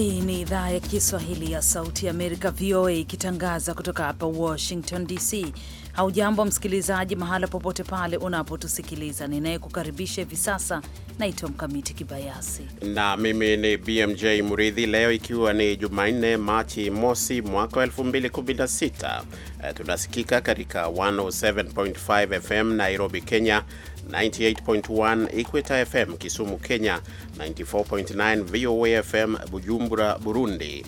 Hii ni idhaa ya Kiswahili ya Sauti ya Amerika, VOA, ikitangaza kutoka hapa Washington DC. Haujambo msikilizaji, mahala popote pale unapotusikiliza. Ninayekukaribisha hivi sasa naitwa Mkamiti Kibayasi na mimi ni BMJ Muridhi. Leo ikiwa ni Jumanne, Machi mosi mwaka 216 eh, tunasikika katika 107.5 FM Nairobi, Kenya, 98.1 Equita FM Kisumu Kenya, 94.9 VOA FM Bujumbura Burundi,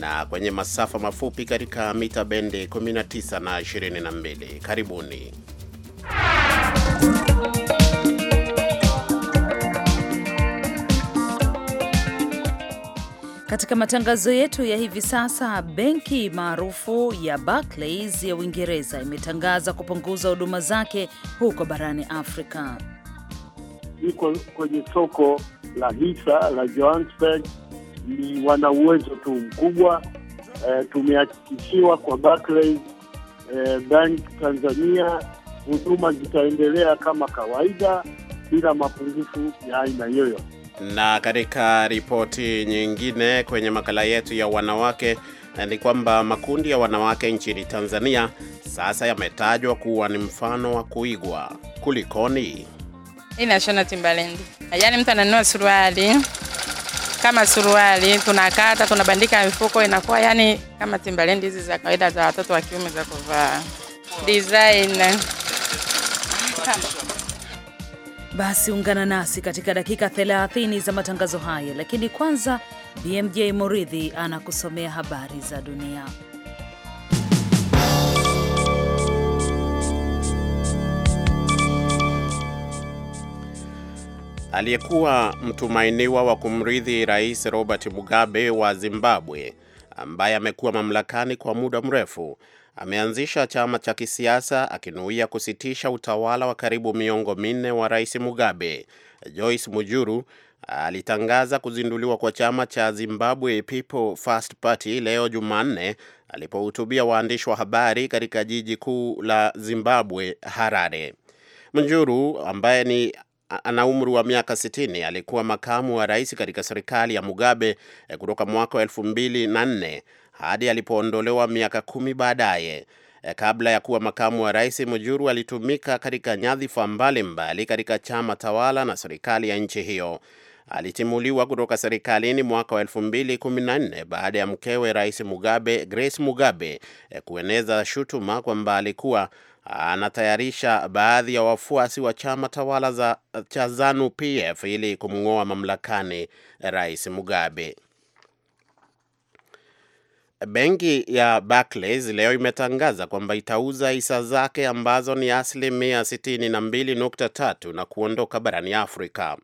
na kwenye masafa mafupi katika mita bende 19 na 22. Karibuni Katika matangazo yetu ya hivi sasa, benki maarufu ya Barclays ya Uingereza imetangaza kupunguza huduma zake huko barani Afrika. Iko kwenye soko la hisa la Johannesburg, ni wana uwezo tu mkubwa. E, tumehakikishiwa kwa Barclays e, Bank Tanzania huduma zitaendelea kama kawaida bila mapungufu ya aina yoyote. Na katika ripoti nyingine kwenye makala yetu ya wanawake eh, ni kwamba makundi ya wanawake nchini Tanzania sasa yametajwa kuwa ni mfano wa kuigwa. Kulikoni? Inashona Timberland. Yaani mtu ananunua suruali kama suruali tunakata tunabandika mifuko inakuwa yani kama Timberland hizi za kawaida za watoto wa kiume za kuvaa. Design. Basi ungana nasi katika dakika 30 za matangazo haya, lakini kwanza BMJ Muridhi anakusomea habari za dunia. Aliyekuwa mtumainiwa wa kumrithi Rais Robert Mugabe wa Zimbabwe ambaye amekuwa mamlakani kwa muda mrefu ameanzisha chama cha kisiasa akinuia kusitisha utawala wa karibu miongo minne wa Rais Mugabe. Joyce Mujuru alitangaza kuzinduliwa kwa chama cha Zimbabwe People First Party leo Jumanne alipohutubia waandishi wa habari katika jiji kuu la Zimbabwe, Harare. Mujuru ambaye ni ana umri wa miaka 60 alikuwa makamu wa rais katika serikali ya Mugabe eh, kutoka mwaka wa 2004 hadi alipoondolewa miaka kumi baadaye. Eh, kabla ya kuwa makamu wa rais, Mujuru alitumika katika nyadhifa mbalimbali katika chama tawala na serikali ya nchi hiyo. Alitimuliwa kutoka serikalini mwaka wa 214 baada ya mkewe Rais Mugabe, Grace Mugabe, eh, kueneza shutuma kwamba alikuwa anatayarisha baadhi ya wafuasi wa chama tawala za cha Zanu PF ili kumng'oa mamlakani Rais Mugabe. Benki ya Barclays leo imetangaza kwamba itauza hisa zake ambazo ni asilimia 62.3 na kuondoka barani Afrika.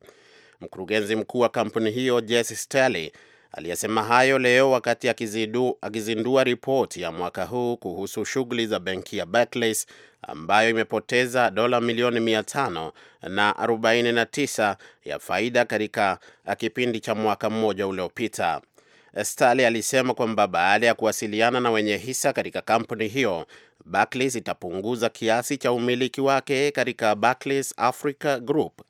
Mkurugenzi mkuu wa kampuni hiyo Jesse Stelly aliyesema hayo leo wakati akizindua ripoti ya mwaka huu kuhusu shughuli za benki ya Barclays ambayo imepoteza dola milioni 500 na 49 ya faida katika kipindi cha mwaka mmoja uliopita. Starley alisema kwamba baada ya kuwasiliana na wenye hisa katika kampuni hiyo, Barclays itapunguza kiasi cha umiliki wake katika Barclays Africa Group.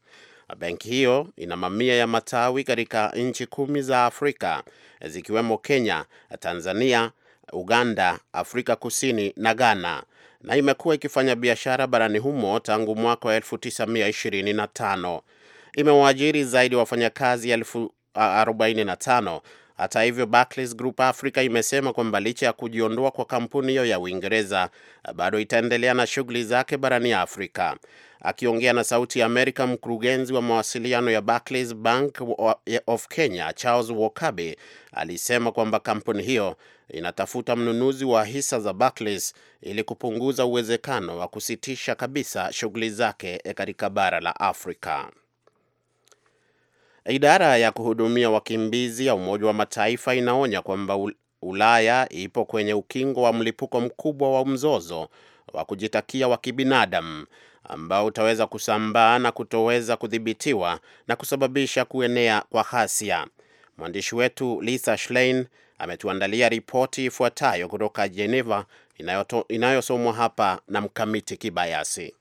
Benki hiyo ina mamia ya matawi katika nchi kumi za Afrika zikiwemo Kenya, Tanzania, Uganda, Afrika Kusini na Ghana na imekuwa ikifanya biashara barani humo tangu mwaka wa 1925. Imewaajiri zaidi ya wafanyakazi elfu 45 hata hivyo, Barclays Group Africa imesema kwamba licha ya kujiondoa kwa kampuni hiyo ya Uingereza, bado itaendelea na shughuli zake barani Afrika. Akiongea na Sauti ya Amerika, mkurugenzi wa mawasiliano ya Barclays Bank of Kenya Charles Wokabe alisema kwamba kampuni hiyo inatafuta mnunuzi wa hisa za Barclays ili kupunguza uwezekano wa kusitisha kabisa shughuli zake katika bara la Afrika. Idara ya kuhudumia wakimbizi ya Umoja wa Mataifa inaonya kwamba Ulaya ipo kwenye ukingo wa mlipuko mkubwa wa mzozo wa kujitakia wa kibinadamu ambao utaweza kusambaa na kutoweza kudhibitiwa na kusababisha kuenea kwa ghasia. Mwandishi wetu Lisa Schlein ametuandalia ripoti ifuatayo kutoka Geneva inayosomwa hapa na Mkamiti Kibayasi.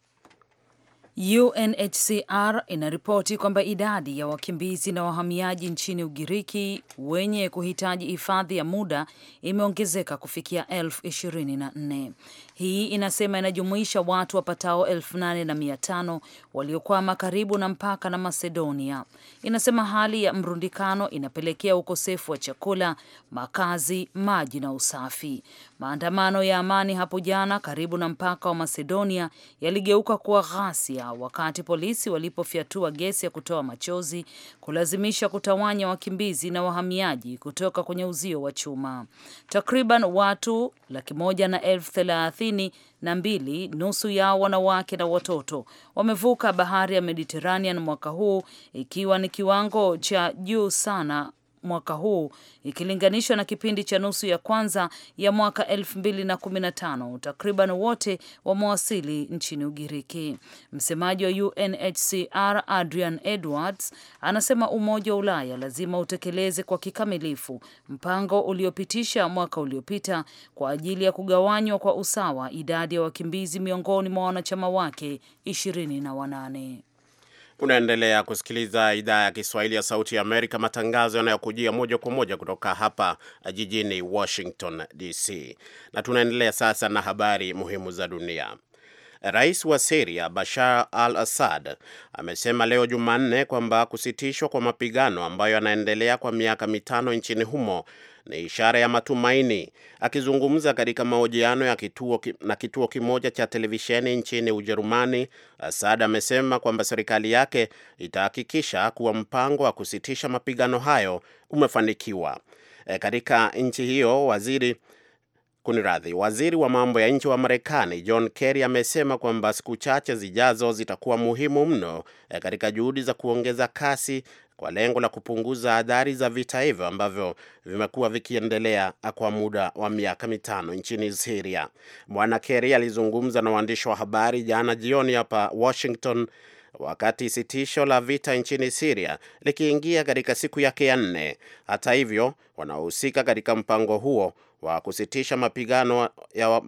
UNHCR inaripoti kwamba idadi ya wakimbizi na wahamiaji nchini Ugiriki wenye kuhitaji hifadhi ya muda imeongezeka kufikia elfu ishirini na nne. Hii inasema inajumuisha watu wapatao elfu nane na mia tano waliokwama karibu na mpaka na Macedonia. Inasema hali ya mrundikano inapelekea ukosefu wa chakula, makazi, maji na usafi. Maandamano ya amani hapo jana karibu na mpaka wa Macedonia yaligeuka kuwa ghasia wakati polisi walipofyatua gesi ya kutoa machozi kulazimisha kutawanya wakimbizi na wahamiaji kutoka kwenye uzio wa chuma. Takriban watu laki moja na elfu thelathini na mbili, nusu yao wanawake na watoto, wamevuka bahari ya Mediterranean mwaka huu, ikiwa ni kiwango cha juu sana mwaka huu ikilinganishwa na kipindi cha nusu ya kwanza ya mwaka 2015 takriban wote wamewasili nchini Ugiriki. Msemaji wa UNHCR Adrian Edwards anasema Umoja wa Ulaya lazima utekeleze kwa kikamilifu mpango uliopitisha mwaka uliopita kwa ajili ya kugawanywa kwa usawa idadi ya wakimbizi miongoni mwa wanachama wake ishirini na wanane. Unaendelea kusikiliza idhaa ya Kiswahili ya Sauti ya Amerika, matangazo yanayokujia moja kwa moja kutoka hapa eh, jijini Washington DC. Na tunaendelea sasa na habari muhimu za dunia. Rais wa Siria Bashar al Assad amesema leo Jumanne kwamba kusitishwa kwa mapigano ambayo yanaendelea kwa miaka mitano nchini humo ni ishara ya matumaini. Akizungumza katika mahojiano ya kituo na kituo kimoja cha televisheni nchini Ujerumani, Assad amesema kwamba serikali yake itahakikisha kuwa mpango wa kusitisha mapigano hayo umefanikiwa. E, katika nchi hiyo waziri Kuniradhi, waziri wa mambo ya nje wa Marekani John Kerry amesema kwamba siku chache zijazo zitakuwa muhimu mno eh, katika juhudi za kuongeza kasi kwa lengo la kupunguza adhari za vita hivyo ambavyo vimekuwa vikiendelea kwa muda wa miaka mitano nchini siria Bwana Kerry alizungumza na waandishi wa habari jana jioni hapa Washington wakati sitisho la vita nchini Siria likiingia katika siku yake ya nne. Hata hivyo, wanaohusika katika mpango huo wa kusitisha mapigano ya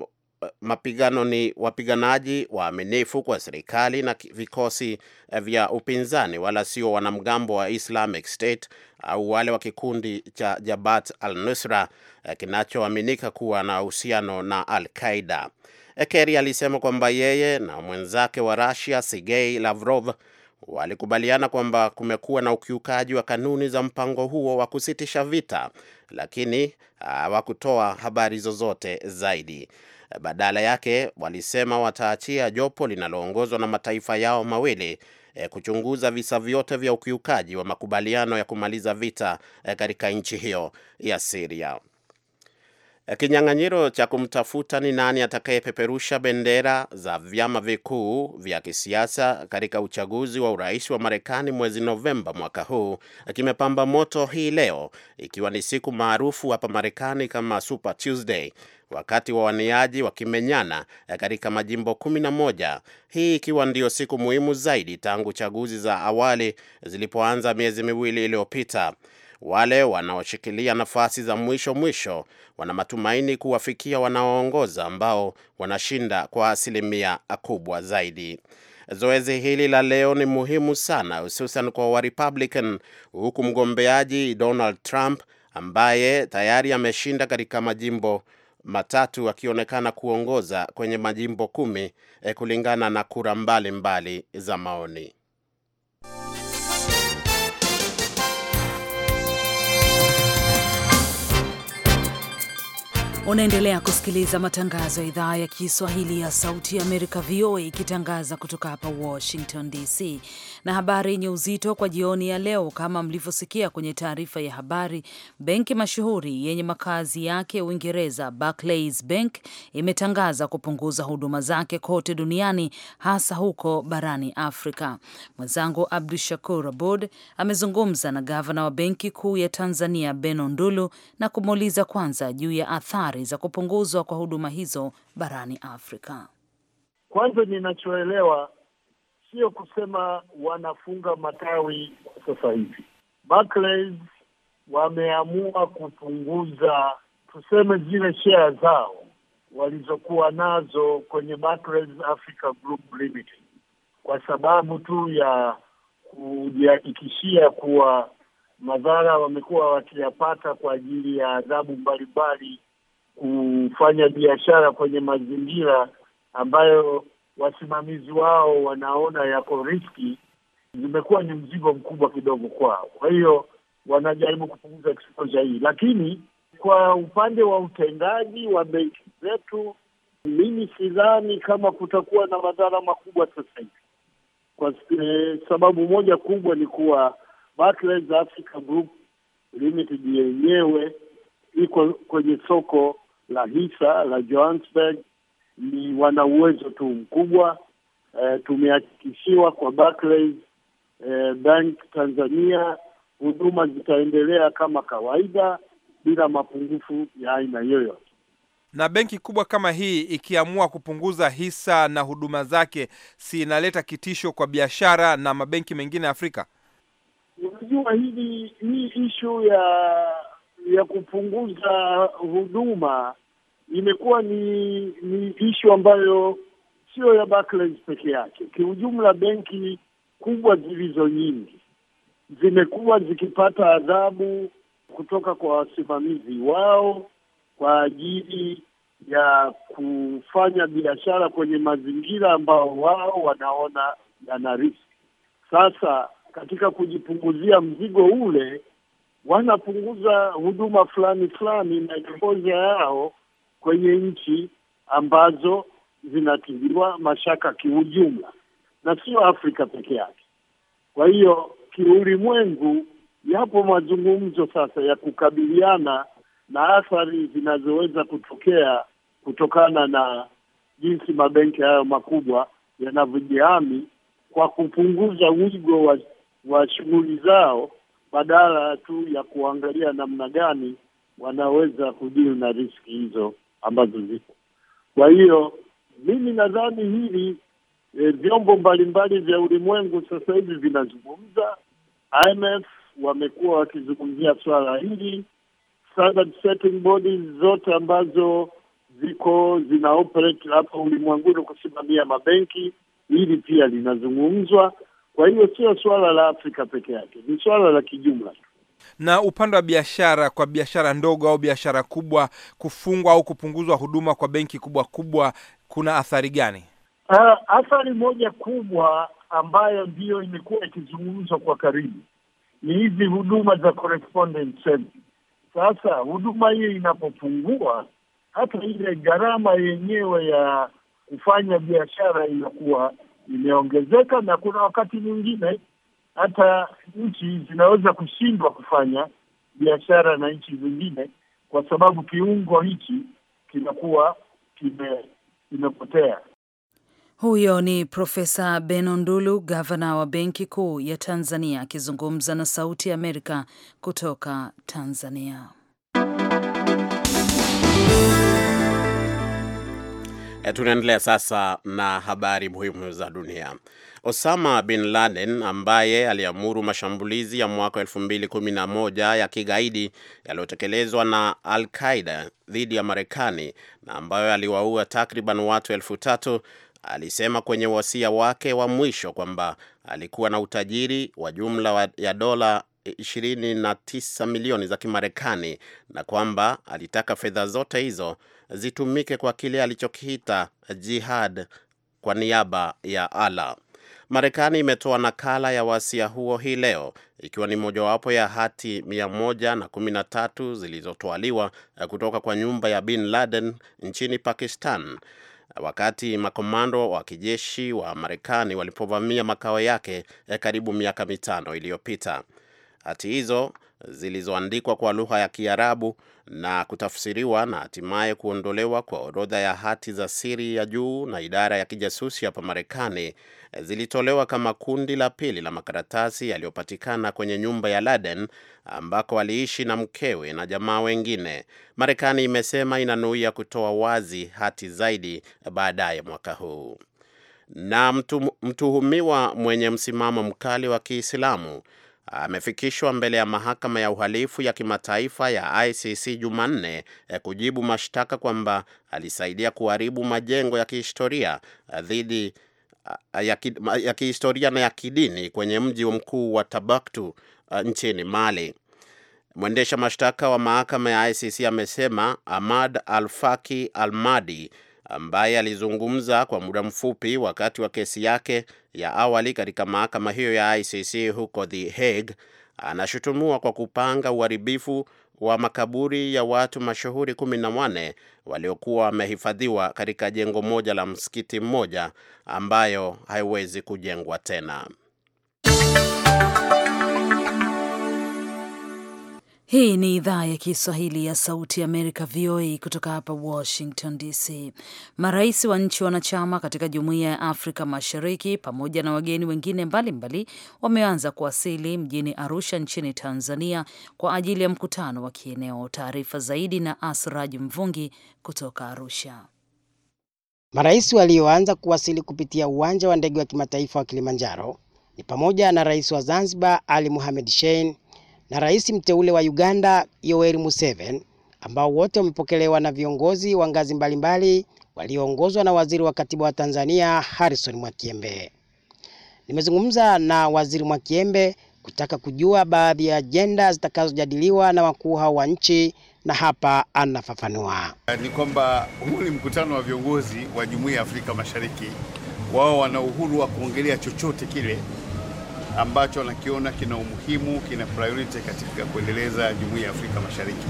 mapigano ni wapiganaji waaminifu kwa serikali na vikosi vya upinzani, wala sio wanamgambo wa Islamic State au wale wa kikundi cha Jabhat al-Nusra eh, kinachoaminika kuwa na uhusiano na Al-Qaida. Kerry alisema kwamba yeye na mwenzake wa Russia Sergei Lavrov walikubaliana kwamba kumekuwa na ukiukaji wa kanuni za mpango huo wa kusitisha vita, lakini hawakutoa habari zozote zaidi. Badala yake walisema wataachia jopo linaloongozwa na mataifa yao mawili e, kuchunguza visa vyote vya ukiukaji wa makubaliano ya kumaliza vita e, katika nchi hiyo ya Syria. Eh, kinyang'anyiro cha kumtafuta ni nani atakayepeperusha bendera za vyama vikuu vya kisiasa katika uchaguzi wa urais wa Marekani mwezi Novemba mwaka huu eh, kimepamba moto hii leo, ikiwa ni siku maarufu hapa Marekani kama Super Tuesday, wakati waniaji wakimenyana eh, katika majimbo moja hii ikiwa ndiyo siku muhimu zaidi tangu chaguzi za awali zilipoanza miezi miwili iliyopita. Wale wanaoshikilia nafasi za mwisho mwisho wana matumaini kuwafikia wanaoongoza ambao wanashinda kwa asilimia kubwa zaidi. Zoezi hili la leo ni muhimu sana, hususan kwa Warepublican, huku mgombeaji Donald Trump ambaye tayari ameshinda katika majimbo matatu akionekana kuongoza kwenye majimbo kumi eh, kulingana na kura mbalimbali za maoni. Unaendelea kusikiliza matangazo ya idhaa ya Kiswahili ya Sauti ya Amerika, VOA, ikitangaza kutoka hapa Washington DC. Na habari yenye uzito kwa jioni ya leo, kama mlivyosikia kwenye taarifa ya habari, benki mashuhuri yenye makazi yake Uingereza, Barclays Bank, imetangaza kupunguza huduma zake kote duniani, hasa huko barani Afrika. Mwenzangu Abdu Shakur Abud amezungumza na gavana wa Benki Kuu ya Tanzania, Beno Ndulu, na kumuuliza kwanza juu ya athari athari za kupunguzwa kwa huduma hizo barani Afrika? Kwanza, ninachoelewa sio kusema wanafunga matawi kwa sasa hivi. Barclays wameamua kupunguza tuseme zile share zao walizokuwa nazo kwenye Barclays Africa Group Limited kwa sababu tu ya kujihakikishia kuwa madhara wamekuwa wakiyapata kwa ajili ya adhabu mbalimbali kufanya biashara kwenye mazingira ambayo wasimamizi wao wanaona yako riski, zimekuwa ni mzigo mkubwa kidogo kwao. Kwa hiyo wanajaribu kupunguza exposure hii, lakini kwa upande wa utendaji wa benki zetu, mimi sidhani kama kutakuwa na madhara makubwa sasa hivi, kwa sababu moja kubwa ni kuwa Barclays Africa Group Limited yenyewe iko kwenye soko la hisa la Johannesburg ni wana uwezo tu mkubwa. E, tumehakikishiwa kwa Barclays e, Bank Tanzania huduma zitaendelea kama kawaida bila mapungufu ya aina yoyote. Na benki kubwa kama hii ikiamua kupunguza hisa na huduma zake, si inaleta kitisho kwa biashara na mabenki mengine Afrika? Unajua, hili hii ishu ya ya kupunguza huduma imekuwa ni ni ishu ambayo sio ya Barclays peke yake. Kiujumla, benki kubwa zilizo nyingi zimekuwa zikipata adhabu kutoka kwa wasimamizi wao kwa ajili ya kufanya biashara kwenye mazingira ambao wao wanaona yana riski. Sasa katika kujipunguzia mzigo ule, wanapunguza huduma fulani fulani na exposure yao kwenye nchi ambazo zinatiliwa mashaka kiujumla, na sio Afrika peke yake. Kwa hiyo kiulimwengu, yapo mazungumzo sasa ya kukabiliana na athari zinazoweza kutokea kutokana na jinsi mabenki hayo makubwa yanavyojihami kwa kupunguza wigo wa, wa shughuli zao badala tu ya kuangalia namna gani wanaweza kudili na riski hizo ambazo zipo. Kwa hiyo mimi nadhani hili e, vyombo mbalimbali vya ulimwengu sasa hivi vinazungumza. IMF wamekuwa wakizungumzia swala hili, standard setting bodies zote ambazo ziko zina operate hapa ulimwenguni kusimamia mabenki, hili pia linazungumzwa. Kwa hiyo sio swala la Afrika peke yake, ni swala la kijumla tu. Na upande wa biashara, kwa biashara ndogo au biashara kubwa, kufungwa au kupunguzwa huduma kwa benki kubwa kubwa, kuna athari gani? Uh, athari moja kubwa ambayo ndiyo imekuwa ikizungumzwa kwa karibu ni hizi huduma za Sasa huduma hiyo inapopungua, hata ile gharama yenyewe ya kufanya biashara inakuwa imeongezeka, na kuna wakati mwingine hata nchi zinaweza kushindwa kufanya biashara na nchi zingine kwa sababu kiungo hiki kinakuwa kimepotea. Huyo ni Profesa Benondulu, gavana wa Benki Kuu ya Tanzania, akizungumza na Sauti ya Amerika kutoka Tanzania. E, tunaendelea sasa na habari muhimu za dunia. Osama bin Laden ambaye aliamuru mashambulizi ya mwaka 2011 ya kigaidi yaliyotekelezwa na Al Qaida dhidi ya Marekani na ambayo aliwaua takriban watu elfu tatu alisema kwenye wasia wake wa mwisho kwamba alikuwa na utajiri wa jumla ya dola 29 milioni za Kimarekani na kwamba alitaka fedha zote hizo zitumike kwa kile alichokiita jihad kwa niaba ya Allah. Marekani imetoa nakala ya wasia huo hii leo ikiwa ni mojawapo ya hati mia moja na kumi na tatu zilizotwaliwa kutoka kwa nyumba ya Bin Laden nchini Pakistan wakati makomando wa kijeshi wa Marekani walipovamia makao yake ya karibu miaka mitano iliyopita. Hati hizo zilizoandikwa kwa lugha ya Kiarabu na kutafsiriwa na hatimaye kuondolewa kwa orodha ya hati za siri ya juu na idara ya kijasusi hapa Marekani eh, zilitolewa kama kundi la pili la makaratasi yaliyopatikana kwenye nyumba ya Laden ambako aliishi na mkewe na jamaa wengine. Marekani imesema inanuia kutoa wazi hati zaidi baadaye mwaka huu. Na mtu, mtuhumiwa mwenye msimamo mkali wa Kiislamu amefikishwa mbele ya mahakama ya uhalifu ya kimataifa ya ICC Jumanne eh, kujibu mashtaka kwamba alisaidia kuharibu majengo ya kihistoria eh, dhidi eh, ya, ki, ya kihistoria na ya kidini kwenye mji mkuu wa tabaktu nchini Mali. Mwendesha mashtaka wa mahakama ya ICC amesema Ahmad Alfaki Almadi ambaye alizungumza kwa muda mfupi wakati wa kesi yake ya awali katika mahakama hiyo ya ICC huko The Hague, anashutumiwa kwa kupanga uharibifu wa makaburi ya watu mashuhuri 14 waliokuwa wamehifadhiwa katika jengo moja la msikiti mmoja ambayo haiwezi kujengwa tena. Hii ni idhaa ya Kiswahili ya Sauti ya Amerika, VOA, kutoka hapa Washington DC. Marais wa nchi wanachama katika Jumuiya ya Afrika Mashariki pamoja na wageni wengine mbalimbali wameanza kuwasili mjini Arusha nchini Tanzania kwa ajili ya mkutano wa kieneo. Taarifa zaidi na Asraj Mvungi kutoka Arusha. Marais walioanza kuwasili kupitia uwanja wa ndege wa kimataifa wa Kilimanjaro ni pamoja na rais wa Zanzibar Ali muhamed Shein na rais mteule wa Uganda Yoweri Museveni, ambao wote wamepokelewa na viongozi wa ngazi mbalimbali walioongozwa na waziri wa katiba wa Tanzania Harrison Mwakiembe. Nimezungumza na waziri Mwakiembe kutaka kujua baadhi ya ajenda zitakazojadiliwa na wakuu hao wa nchi na hapa anafafanua. Ni kwamba huu ni mkutano wa viongozi wa Jumuiya ya Afrika Mashariki, wao wana uhuru wa kuongelea chochote kile ambacho anakiona kina umuhimu, kina priority katika kuendeleza Jumuiya ya Afrika Mashariki.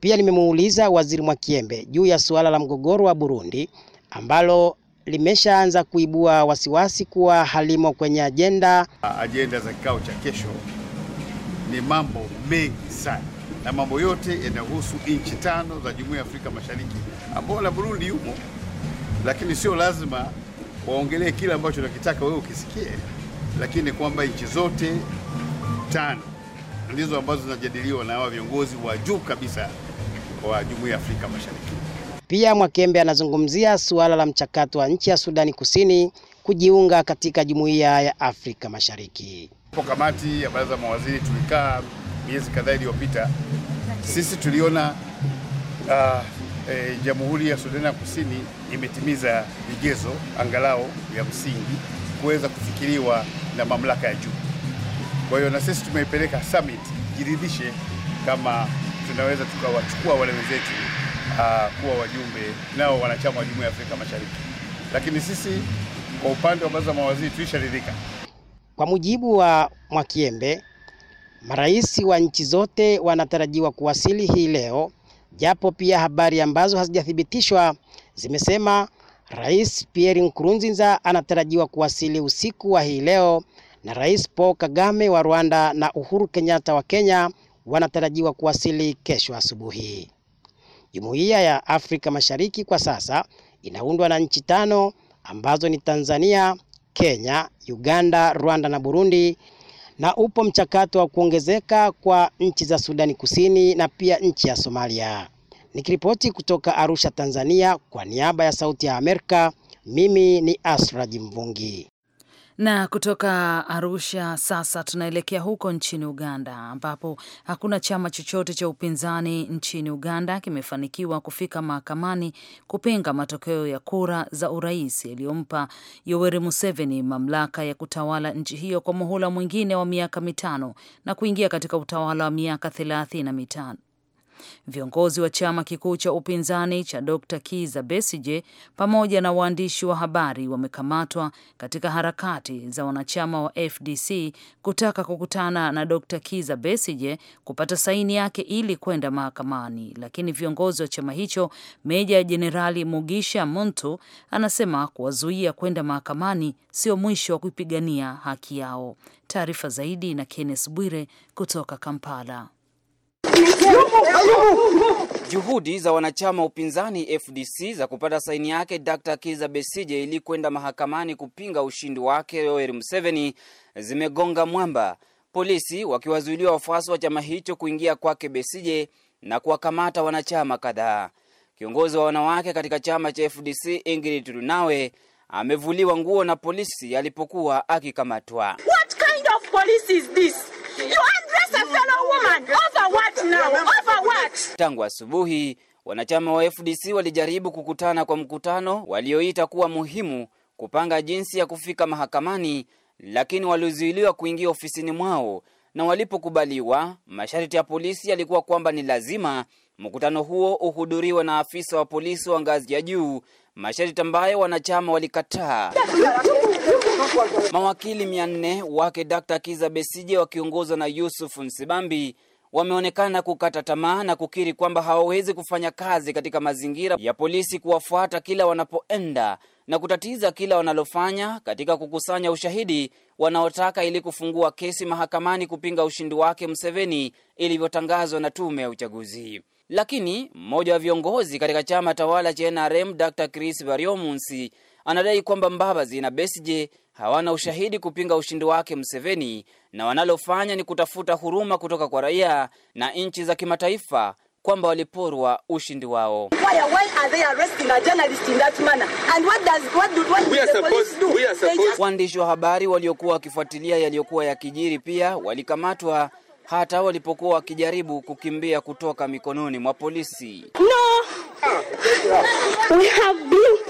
Pia nimemuuliza Waziri Mwakiembe juu ya suala la mgogoro wa Burundi ambalo limeshaanza kuibua wasiwasi kuwa halimo kwenye ajenda. Ajenda za kikao cha kesho ni mambo mengi sana, na mambo yote yanahusu nchi tano za Jumuiya ya Afrika Mashariki ambao na Burundi yumo, lakini sio lazima waongelee kile ambacho unakitaka wewe ukisikie lakini kwamba nchi zote tano ndizo ambazo zinajadiliwa na hawa viongozi wa juu kabisa wa Jumuiya ya Afrika Mashariki. Pia Mwakembe anazungumzia suala la mchakato wa nchi ya Sudani Kusini kujiunga katika Jumuiya ya Afrika Mashariki. Kwa kamati ya baraza mawaziri tulikaa miezi kadhaa iliyopita, sisi tuliona uh, e, Jamhuri ya Sudani ya Kusini imetimiza vigezo angalau ya msingi kuweza kufikiriwa na mamlaka ya juu. Kwa hiyo na sisi tumeipeleka summit jiridhishe kama tunaweza tukawachukua wale wenzetu ah, kuwa wajumbe nao wanachama wa Jumuiya ya Afrika Mashariki, lakini sisi kwa upande wa baraza mawaziri tulisharidhika. Kwa mujibu wa Mwakiembe, marais wa nchi zote wanatarajiwa kuwasili hii leo, japo pia habari ambazo hazijathibitishwa zimesema Rais Pierre Nkurunziza anatarajiwa kuwasili usiku wa hii leo na Rais Paul Kagame wa Rwanda na Uhuru Kenyatta wa Kenya wanatarajiwa kuwasili kesho asubuhi. Jumuiya ya Afrika Mashariki kwa sasa inaundwa na nchi tano ambazo ni Tanzania, Kenya, Uganda, Rwanda na Burundi na upo mchakato wa kuongezeka kwa nchi za Sudani Kusini na pia nchi ya Somalia. Nikiripoti kutoka Arusha, Tanzania, kwa niaba ya Sauti ya Amerika, mimi ni Asraji Mvungi. Na kutoka Arusha sasa tunaelekea huko nchini Uganda, ambapo hakuna chama chochote cha upinzani nchini Uganda kimefanikiwa kufika mahakamani kupinga matokeo ya kura za urais yaliyompa Yoweri Museveni mamlaka ya kutawala nchi hiyo kwa muhula mwingine wa miaka mitano na kuingia katika utawala wa miaka thelathini na mitano Viongozi wa chama kikuu cha upinzani cha Dr. Kiza Besije pamoja na waandishi wa habari wamekamatwa katika harakati za wanachama wa FDC kutaka kukutana na Dr. Kiza Besije kupata saini yake ili kwenda mahakamani, lakini viongozi wa chama hicho, Meja ya Jenerali Mugisha Muntu anasema kuwazuia kwenda mahakamani sio mwisho wa kupigania haki yao. Taarifa zaidi na Kenneth Bwire kutoka Kampala. Juhudi za wanachama upinzani FDC za kupata saini yake Dr. Kiza Besije ili kwenda mahakamani kupinga ushindi wake Yoweri Museveni zimegonga mwamba, polisi wakiwazuiliwa wafuasi wa chama hicho kuingia kwake Besije na kuwakamata wanachama kadhaa. Kiongozi wa wanawake katika chama cha FDC Ingrid runawe amevuliwa nguo na polisi alipokuwa akikamatwa. What kind of police is this? You undress a fellow woman over Tangu asubuhi wanachama wa FDC walijaribu kukutana kwa mkutano walioita kuwa muhimu kupanga jinsi ya kufika mahakamani, lakini walizuiliwa kuingia ofisini mwao, na walipokubaliwa, masharti ya polisi yalikuwa kwamba ni lazima mkutano huo uhudhuriwe na afisa wa polisi wa ngazi ya juu, masharti ambayo wanachama walikataa. Mawakili mia nne wake Dr. Kiza Besije wakiongozwa na Yusuf Nsibambi wameonekana kukata tamaa na kukiri kwamba hawawezi kufanya kazi katika mazingira ya polisi kuwafuata kila wanapoenda na kutatiza kila wanalofanya katika kukusanya ushahidi wanaotaka ili kufungua kesi mahakamani kupinga ushindi wake Museveni ilivyotangazwa na tume ya uchaguzi. Lakini mmoja wa viongozi katika chama tawala cha NRM Dr. Chris variomunsi anadai kwamba Mbabazi na Besigye hawana ushahidi kupinga ushindi wake Museveni na wanalofanya ni kutafuta huruma kutoka kwa raia na nchi za kimataifa kwamba waliporwa ushindi wao. Waandishi wa habari waliokuwa wakifuatilia yaliyokuwa yakijiri pia walikamatwa hata walipokuwa wakijaribu kukimbia kutoka mikononi mwa polisi. No. We have been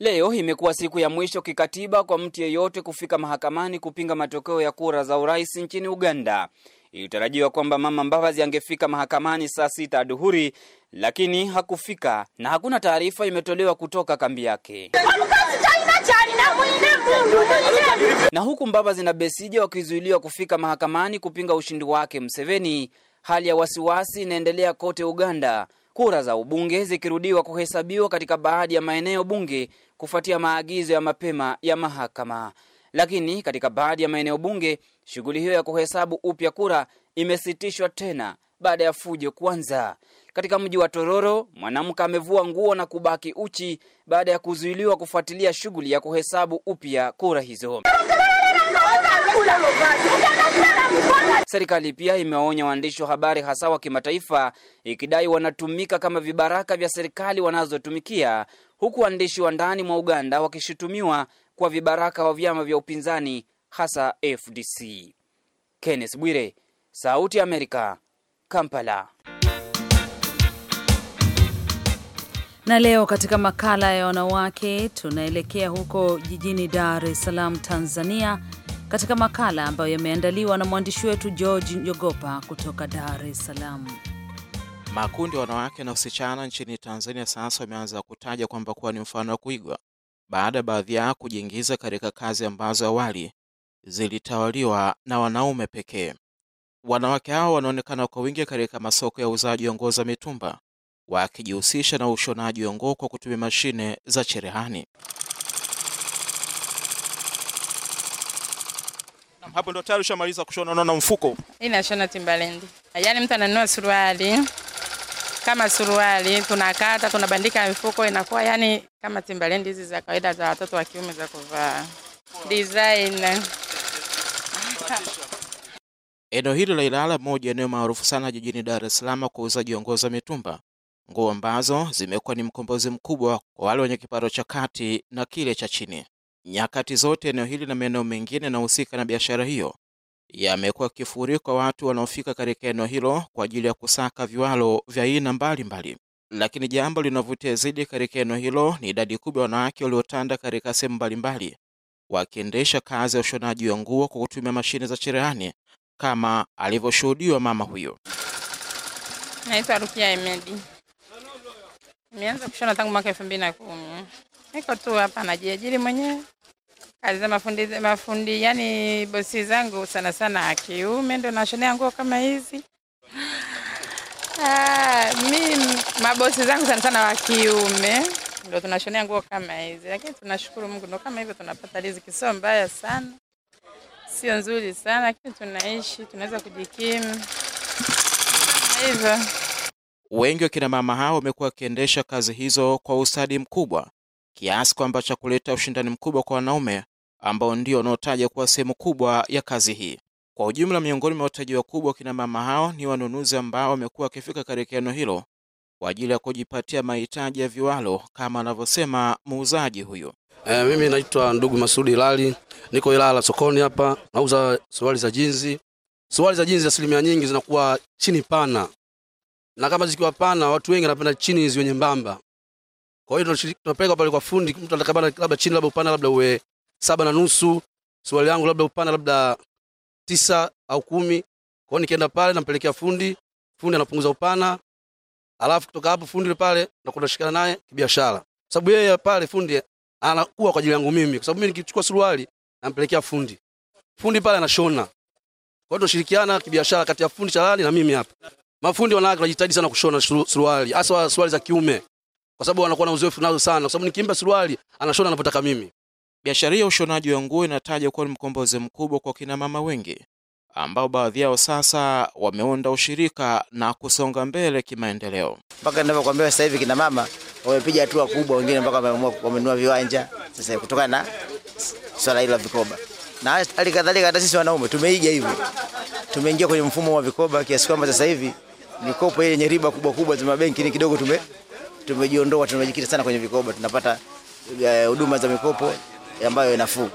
Leo imekuwa siku ya mwisho kikatiba kwa mtu yeyote kufika mahakamani kupinga matokeo ya kura za urais nchini Uganda. Ilitarajiwa kwamba Mama Mbabazi angefika mahakamani saa sita aduhuri, lakini hakufika na hakuna taarifa imetolewa kutoka kambi yake. Na huku Mbabazi na Besigye wakizuiliwa kufika mahakamani kupinga ushindi wake mseveni hali ya wasiwasi inaendelea kote Uganda kura za ubunge zikirudiwa kuhesabiwa katika baadhi ya maeneo bunge kufuatia maagizo ya mapema ya mahakama. Lakini katika baadhi ya maeneo bunge shughuli hiyo ya kuhesabu upya kura imesitishwa tena baada ya fujo kuanza. Katika mji wa Tororo, mwanamke amevua nguo na kubaki uchi baada ya kuzuiliwa kufuatilia shughuli ya kuhesabu upya kura hizo. Serikali pia imewaonya waandishi wa habari hasa wa kimataifa ikidai wanatumika kama vibaraka vya serikali wanazotumikia, huku waandishi wa ndani mwa Uganda wakishutumiwa kwa vibaraka wa vyama vya upinzani hasa FDC. Kenneth Bwire, Sauti ya Amerika, Kampala. Na leo katika makala ya wanawake tunaelekea huko jijini Dar es Salaam, Tanzania katika makala ambayo yameandaliwa na mwandishi wetu George Nyogopa kutoka Dar es Salaam. Makundi ya wanawake na wasichana nchini Tanzania sasa wameanza kutaja kwamba kuwa ni mfano wa kuigwa baada ya baadhi yao kujiingiza katika kazi ambazo awali zilitawaliwa na wanaume pekee. Wanawake hao wanaonekana kwa wingi katika masoko ya uuzaji wa nguo za mitumba wakijihusisha na ushonaji wa nguo kwa kutumia mashine za cherehani. hapo ndo tayari ushamaliza kushona, unaona mfuko. Hii nashona Timbalendi, Yaani mtu ananunua suruali kama suruali tunakata tunabandika mifuko inakuwa yani kama Timbalendi hizi za kawaida za watoto wa kiume za kuvaa. Design. Eneo hili la Ilala, moja eneo maarufu sana jijini Dar es Salaam kwa uuzaji wa nguo za mitumba, nguo ambazo zimekuwa ni mkombozi mkubwa kwa wale wenye kipato cha kati na kile cha chini. Nyakati zote eneo hili na maeneo mengine yanahusika na biashara hiyo yamekuwa kifuriko watu wanaofika katika eneo hilo kwa ajili ya kusaka viwalo vya aina mbalimbali. Lakini jambo linavutia zaidi katika eneo hilo ni idadi kubwa ya wanawake waliotanda katika sehemu mbalimbali, wakiendesha kazi ya ushonaji wa nguo kwa kutumia mashine za cherehani kama alivyoshuhudiwa mama huyo. Naitwa Rukia Emedi, imeanza kushona tangu mwaka elfu mbili na kumi. Niko tu hapa najiajiri mwenyewe. Kazi za mafundi, mafundi yani bosi zangu sana sana kiume ndio nashonea nguo kama hizi. Ah, mi mabosi zangu sana sana wa kiume ndio tunashonea nguo kama hizi, lakini tunashukuru Mungu ndio kama hivyo tunapata riziki, sio mbaya sana, sio nzuri sana, lakini tunaishi, tunaweza kujikimu hivyo. Wengi wa kina mama hao wamekuwa wakiendesha kazi hizo kwa ustadi mkubwa kiasi kwamba cha kuleta ushindani mkubwa kwa wanaume ambao ndio wanaotaja kuwa sehemu kubwa ya kazi hii. Kwa ujumla, miongoni mwa wataji wakubwa wakina mama hao ni wanunuzi ambao wamekuwa wakifika katika eneo hilo kwa ajili ya kujipatia mahitaji ya viwalo kama anavyosema muuzaji huyo. E, mimi naitwa ndugu Masudi Hilali, niko Ilala sokoni hapa, nauza suruali za jinzi. Suruali za jinzi asilimia nyingi zinakuwa chini pana, na kama zikiwa pana, watu wengi wanapenda chini ziwe nyembamba, kwa hiyo tunapeleka pale kwa fundi, mtu anataka bana, labda chini, labda upana labda uwe saba na nusu, suruali yangu labda upana labda tisa au kumi. Kwa hiyo nikienda pale nampelekea fundi, fundi anapunguza upana, alafu kutoka hapo fundi yule pale na kunashikana naye kibiashara, sababu yeye pale fundi anakuwa kwa ajili yangu mimi, kwa sababu mimi nikichukua suruali nampelekea fundi, fundi pale anashona. Kwa hiyo tunashirikiana kibiashara kati ya fundi Chalani na mimi hapa. Mafundi wanawake wanajitahidi sana kushona suruali, hasa suruali za kiume kwa sababu anakuwa na uzoefu nazo sana, kwa sababu nikimpa suruali anashona anavyotaka mimi. Biashara ya ushonaji wa nguo inataja kuwa ni mkombozi mkubwa kwa kina mama wengi ambao baadhi yao sasa wameunda ushirika na kusonga mbele kimaendeleo. Mpaka ninavyokuambia sasa hivi kina mama wamepiga hatua kubwa, wengine mpaka wameamua wamenunua viwanja sasa kutokana na swala hilo la vikoba, na hali kadhalika hata sisi wanaume tumeiga hivyo, tumeingia kwenye mfumo wa vikoba kiasi kwamba sasa hivi mikopo yenye riba kubwa kubwa za mabenki ni kidogo tume tumejiondoa, tunajikita sana kwenye vikoba, tunapata eh, huduma za mikopo ambayo inafuu.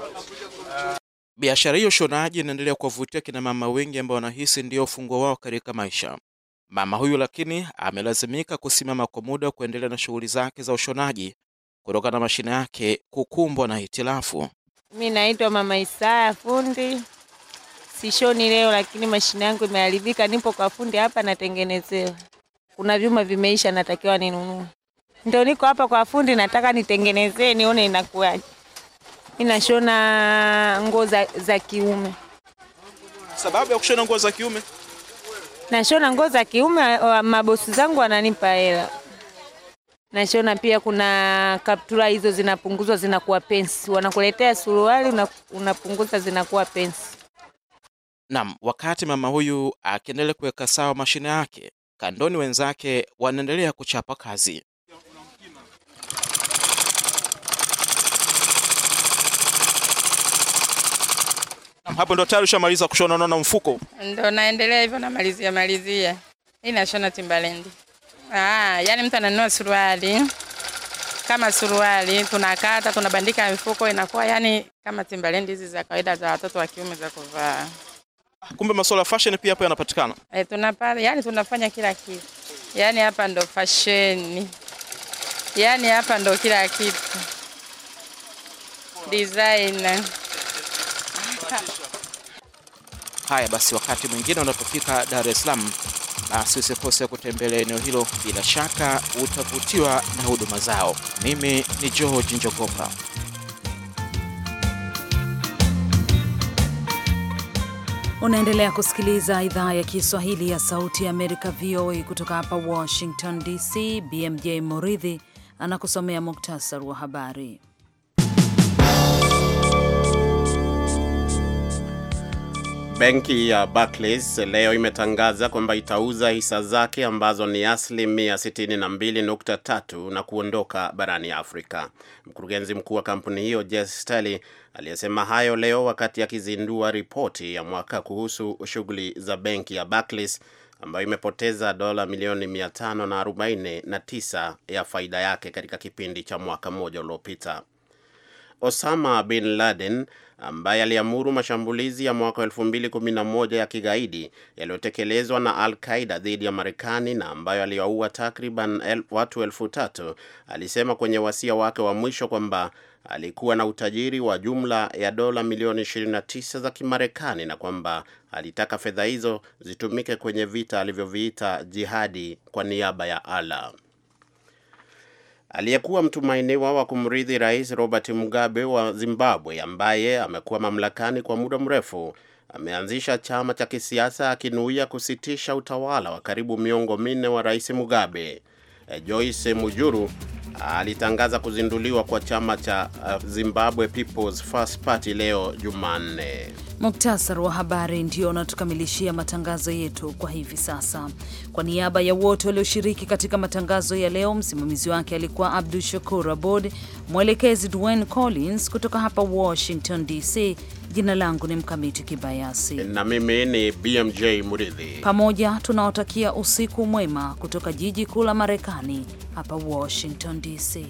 Biashara hiyo shonaji inaendelea kuwavutia kina mama wengi ambao wanahisi ndio ufunguo wao katika maisha. Mama huyu lakini amelazimika kusimama kwa muda kuendelea na shughuli zake za ushonaji kutokana na mashine yake kukumbwa na hitilafu. Mi naitwa Mama Isaya, fundi sishoni leo, lakini mashine yangu imeharibika. Nipo kwa fundi hapa, natengenezewa. Kuna vyuma vimeisha, natakiwa ninunue. Ndio niko hapa kwa fundi, nataka nitengenezee nione inakuwaje. Inashona nguo za, za kiume. Sababu ya kushona nguo za kiume? Nashona nguo za kiume, mabosi zangu wananipa hela. Nashona pia, kuna kaptura hizo zinapunguzwa zinakuwa pensi, wanakuletea suruali unapunguza zinakuwa pensi. Naam, wakati mama huyu akiendelea kuweka sawa mashine yake, kandoni wenzake wanaendelea kuchapa kazi. Hapo ndo tayari ushamaliza kushona, unaona mfuko? Ndo naendelea hivyo, na malizia. malizia. Hii nashona Timberland. Ah, yani mtu ananua suruali kama suruali tunakata tunabandika mfuko inakuwa yani kama Timberland hizi za kawaida za watoto wa kiume za kuvaa. Kumbe masuala ya fashion pia hapo yanapatikana. Eh, tunapata yani tunafanya kila kitu. Yani hapa ndo fashion. Yani hapa ndo kila kitu. Designer. Haya basi, wakati mwingine unapofika Dar es Salaam, basi usikose kutembelea eneo hilo, bila shaka utavutiwa na huduma zao. Mimi ni George Njogopa. Unaendelea kusikiliza idhaa ya Kiswahili ya Sauti ya Amerika, VOA, kutoka hapa Washington DC. BMJ Moridhi anakusomea muktasari wa habari. Benki ya Barclays leo imetangaza kwamba itauza hisa zake ambazo ni asilimia 62.3 na kuondoka barani Afrika. Mkurugenzi mkuu wa kampuni hiyo Jess Staley aliyesema hayo leo wakati akizindua ripoti ya mwaka kuhusu shughuli za benki ya Barclays ambayo imepoteza dola milioni 549 ya faida yake katika kipindi cha mwaka mmoja uliopita. Osama bin Laden ambaye aliamuru mashambulizi ya mwaka 2011 ya kigaidi yaliyotekelezwa na Al Qaida dhidi ya Marekani na ambayo aliwaua takriban el, watu elfu tatu alisema kwenye wasia wake wa mwisho kwamba alikuwa na utajiri wa jumla ya dola milioni 29 za Kimarekani na kwamba alitaka fedha hizo zitumike kwenye vita alivyoviita jihadi kwa niaba ya Allah aliyekuwa mtumainiwa wa kumrithi Rais Robert Mugabe wa Zimbabwe ambaye amekuwa mamlakani kwa muda mrefu ameanzisha chama cha kisiasa akinuia kusitisha utawala wa karibu miongo minne wa Rais Mugabe. Joyce Mujuru alitangaza kuzinduliwa kwa chama cha uh, Zimbabwe People's First Party leo Jumanne. Muktasar wa habari ndio unatukamilishia matangazo yetu kwa hivi sasa. Kwa niaba ya wote walioshiriki katika matangazo ya leo, msimamizi wake alikuwa Abdu Shakur Abod, mwelekezi Dwayne Collins, kutoka hapa Washington DC. Jina langu ni Mkamiti Kibayasi na mimi ni BMJ Muridhi. Pamoja tunawatakia usiku mwema kutoka jiji kuu la Marekani, hapa Washington DC.